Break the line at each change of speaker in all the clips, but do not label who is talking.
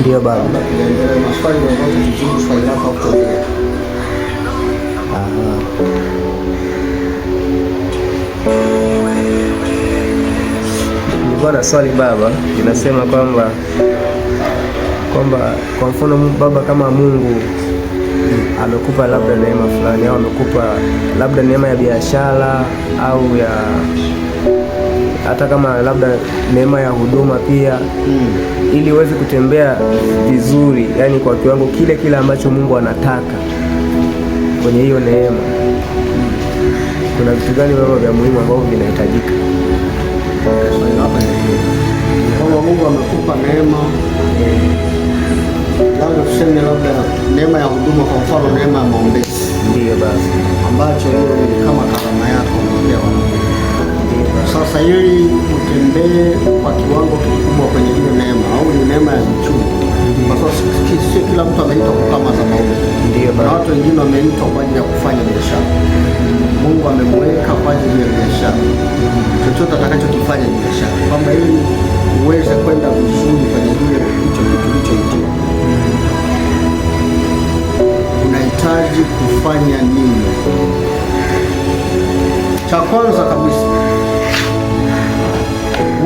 Ndio baba. Nilikuwa na swali baba, inasema kwamba kwamba kwa mfano baba, kama Mungu amekupa labda neema fulani au amekupa labda neema ya biashara au ya hata kama labda neema ya huduma pia mm. ili uweze kutembea vizuri, yani kwa kiwango kile kile ambacho Mungu anataka kwenye hiyo neema. Kuna vitu gani baba vya muhimu ambavyo vinahitajika?
Kama Mungu amekupa neema labda tuseme labda neema ya huduma, kwa mfano neema ya maombezi, ndio basi ambacho hiyo ni kama karama yako unaombea sasa ili utembee kwa kiwango kikubwa kwenye hiyo neema au ni neema ya kichungu, kwa sababu sio kila mtu ameitwa za zabauni. Ndio, na watu wengine wameitwa kwa ajili ya kufanya biashara. Mungu amemweka kwa ajili ya biashara, chochote atakachokifanya ni biashara, kwamba ili uweze kwenda vizuri kwenye hiyo hicho kitu ulichoitiwa, unahitaji kufanya nini? Cha kwanza kabisa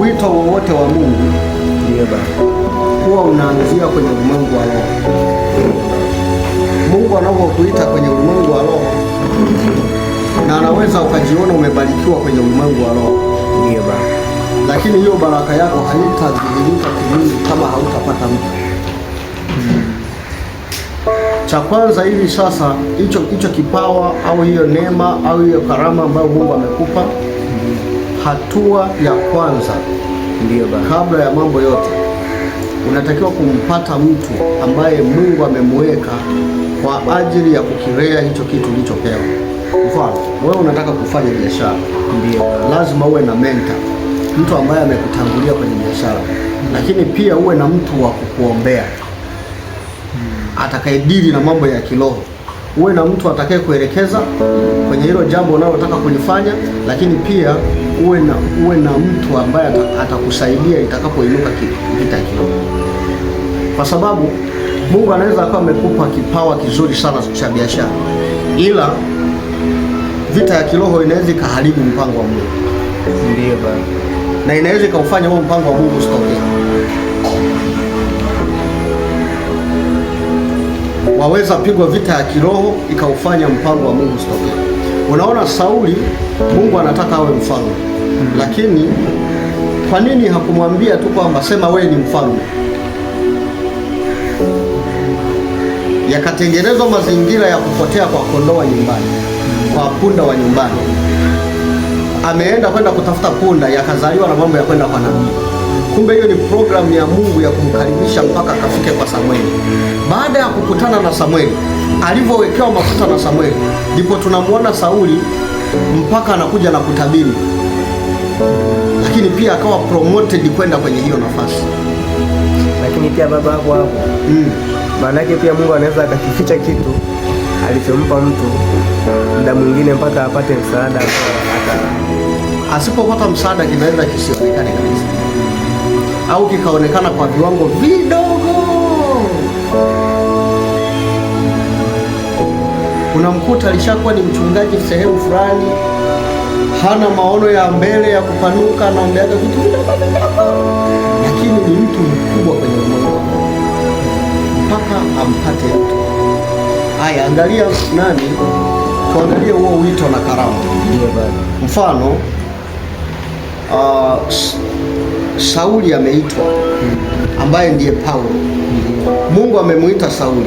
wito wowote wa Mungu
ndiyo Baba
huwa unaanzia kwenye ulimwengu wa roho. Mungu anapokuita kwenye ulimwengu wa roho, na anaweza ukajiona umebarikiwa kwenye ulimwengu wa roho, ndiyo Baba, lakini hiyo baraka yako haitadhihirika kimwili kama hautapata mtu cha kwanza hivi sasa, hicho hicho kipawa au hiyo neema au hiyo karama ambayo Mungu amekupa hatua ya kwanza ndiyo, kabla ya mambo yote, unatakiwa kumpata mtu ambaye Mungu amemweka kwa ajili ya kukirea hicho kitu ulichopewa. Mfano, wewe unataka kufanya biashara, ndio lazima uwe na mentor, mtu ambaye amekutangulia kwenye biashara, lakini pia uwe na mtu wa kukuombea hmm. atakayedili na mambo ya kiroho uwe na mtu atakaye kuelekeza kwenye hilo jambo unalotaka kulifanya, lakini pia uwe na, uwe na mtu ambaye atakusaidia itakapoinuka vita kidogo, kwa sababu Mungu anaweza akawa amekupa kipawa kizuri sana cha biashara, ila vita ya kiroho inaweza ikaharibu mpango wa Mungu. Ndiyo na inaweza ikaufanya huo mpango wa Mungu usitokee. waweza pigwa vita ya kiroho ikaufanya mpango wa Mungu usitokee. Unaona, Sauli Mungu anataka awe mfalme hmm. Lakini kwa nini hakumwambia tu kwamba sema wewe ni mfalme? Yakatengenezwa mazingira ya kupotea kwa kondoo wa nyumbani, kwa punda wa nyumbani. Ameenda kwenda kutafuta punda, yakazaliwa na mambo ya kwenda kwa nabii. Kumbe hiyo ni programu ya Mungu ya kumkaribisha mpaka akafike kwa Samweli. Baada ya kukutana na Samweli, alivyowekewa mafuta na Samweli, ndipo tunamwona Sauli mpaka anakuja na kutabiri, lakini pia akawa promoted kwenda kwenye hiyo nafasi.
Lakini pia baba hapo hapo, mm, maanake pia Mungu anaweza akakificha kitu alichompa mtu muda mwingine mpaka apate msaada.
Asipopata msaada kinaweza kisionekane kabisa au kikaonekana kwa viwango vidogo. Unamkuta alishakuwa ni mchungaji sehemu fulani, hana maono ya mbele ya kupanuka, anaombeaga vitu vidogo vidogo, lakini ni mtu mkubwa kwenye ulimwengu mpaka ampate mtu. Haya, angalia nani, tuangalie huo wito na karama. Mfano uh, Sauli ameitwa ambaye ndiye Paulo. Mungu amemwita Sauli.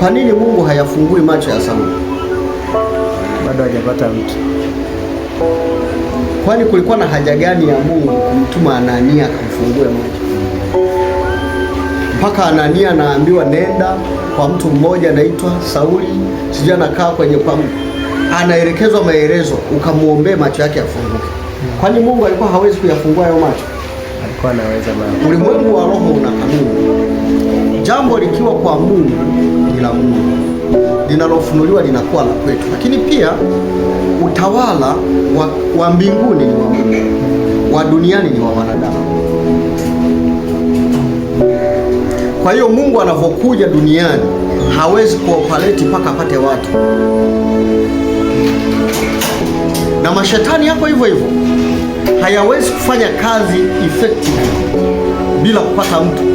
Kwa nini Mungu hayafungui macho ya Sauli?
Bado hajapata mtu.
Kwani kulikuwa na haja gani ya Mungu kumtuma Anania akamfungue macho? Mpaka Anania anaambiwa nenda kwa mtu mmoja anaitwa Sauli, sijui anakaa kwenye pango, anaelekezwa maelezo, ukamwombee macho yake afungue. Kwani Mungu alikuwa hawezi kuyafungua hayo macho?
Alikuwa anaweza baba.
Ulimwengu wa roho una kanuni. Jambo likiwa kwa Mungu ni la Mungu, linalofunuliwa linakuwa la kwetu, lakini pia utawala wa, wa mbinguni ni wa Mungu, wa duniani ni wa wanadamu. Kwa hiyo Mungu anavyokuja duniani hawezi kuopaleti mpaka apate watu, na mashetani yako hivyo hivyo hayawezi kufanya kazi effectively bila kupata mtu